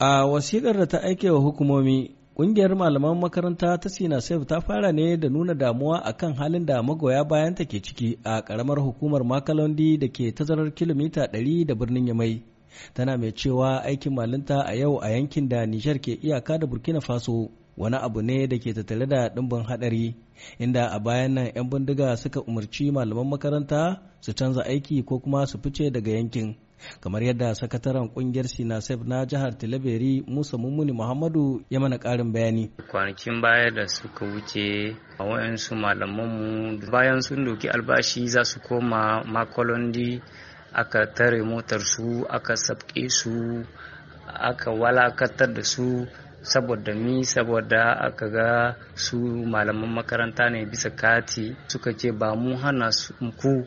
a wasiƙar da ta aike wa hukumomi ƙungiyar malaman makaranta ta sina saif ta fara ne da nuna damuwa a kan halin da magoya bayanta ke ciki a ƙaramar hukumar makalondi da ke tazarar kilomita 100 da birnin yamai tana mai cewa aikin malinta a yau a yankin da nijar ke iyaka da burkina faso wani abu ne da ke tattare da ɗumbin haɗari inda a bayan nan 'yan bindiga suka umarci malaman makaranta su canza aiki ko kuma su fice daga yankin kamar yadda sakataren kungiyar sinasef na jihar tilaberi musa mummuni muhammadu ya mana karin bayani kwanakin baya da suka wuce a wayansu malamanmu bayan sun doki albashi za su koma makolondi aka tare motarsu aka sabke su aka walakatar da su saboda mi saboda aka ga su malaman makaranta ne bisa kati suka ce ba mu hana ku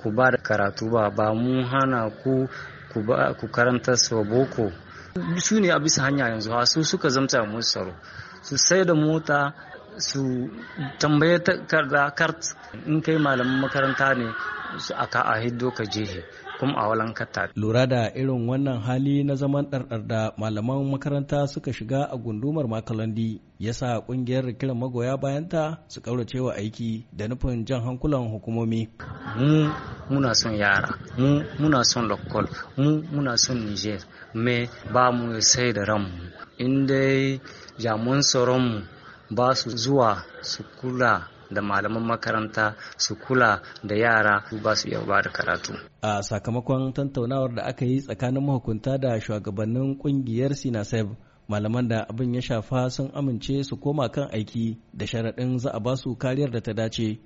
ku ba da karatu ba ba mu hana ku ku karanta sa boko su ne a bisa hanya yanzu ha su suka zamta mu tsaro su sai da mota su tambaye takarda kart in kai malamin makaranta ne aka a hiddo ka jehe kuma a walankata. Lura da irin wannan hali na zaman ɗarɗar da malaman makaranta suka shiga a gundumar makalandi ya sa ƙungiyar kiran magoya bayanta su ƙauracewa aiki da nufin jan hankulan hukumomi. Mu muna son yara, mu muna son lokol, mu muna son Niger, me ba mu sai da ranmu. In dai jamun tsaronmu ba su zuwa su kula da malaman makaranta su kula da yara ba su iya da karatu. A sakamakon tantaunawar da aka yi tsakanin mahukunta da shugabannin kungiyar Sinaseb, malaman da abin ya shafa sun amince su koma kan aiki da sharaɗin za a ba su kariyar da ta dace.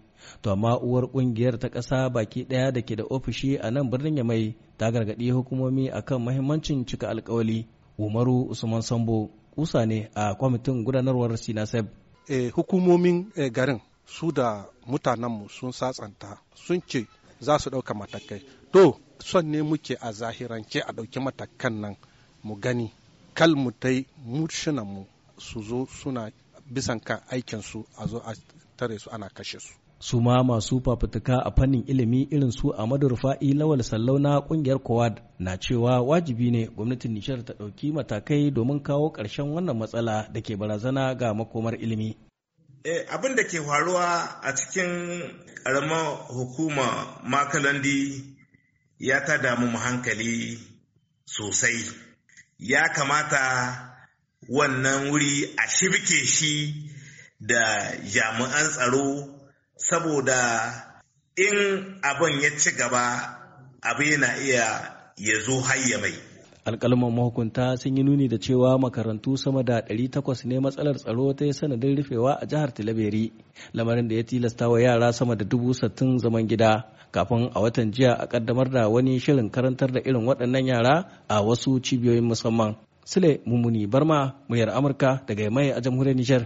To amma uwar kungiyar ta ƙasa baki ɗaya da ke da ofishi a nan birnin Yamai ta gargaɗi hukumomi akan mahimmancin cika alkawali. Umaru Usman Sambo kusa ne a kwamitin gudanarwar Sinaseb. Eh, hukumomin eh, garin su da mutanenmu sun satsanta sun ce za su ɗauka matakai to son ne muke a zahirance a ɗauki matakan nan mu gani kal mu tai mu su zo suna bisan kan aikinsu a zo a tare su ana kashe su su ma masu fafutuka a fannin ilimi irin su Amadu Rufa'i Lawal Sallau na kungiyar Kowad na cewa wajibi ne gwamnatin Nishar ta ɗauki matakai domin kawo ƙarshen wannan matsala da ke barazana ga makomar ilimi. Eh, abin da ke faruwa a cikin ƙaramar hukuma makalandi ya ta damu mu hankali sosai ya kamata wannan wuri a shibke shi da jami'an tsaro saboda in abin ya ci gaba abin yana iya ya zo hayya mai alkalman mahukunta sun yi nuni da cewa makarantu sama da 800 ne matsalar tsaro ta yi sanadin rufewa a jihar tilaberi lamarin da ya tilasta wa yara sama da dubu sattin zaman gida kafin a watan jiya a kaddamar da wani shirin karantar da irin waɗannan yara a wasu cibiyoyin musamman sule mummuni barma muyar amurka daga mai a jamhuriyar nijar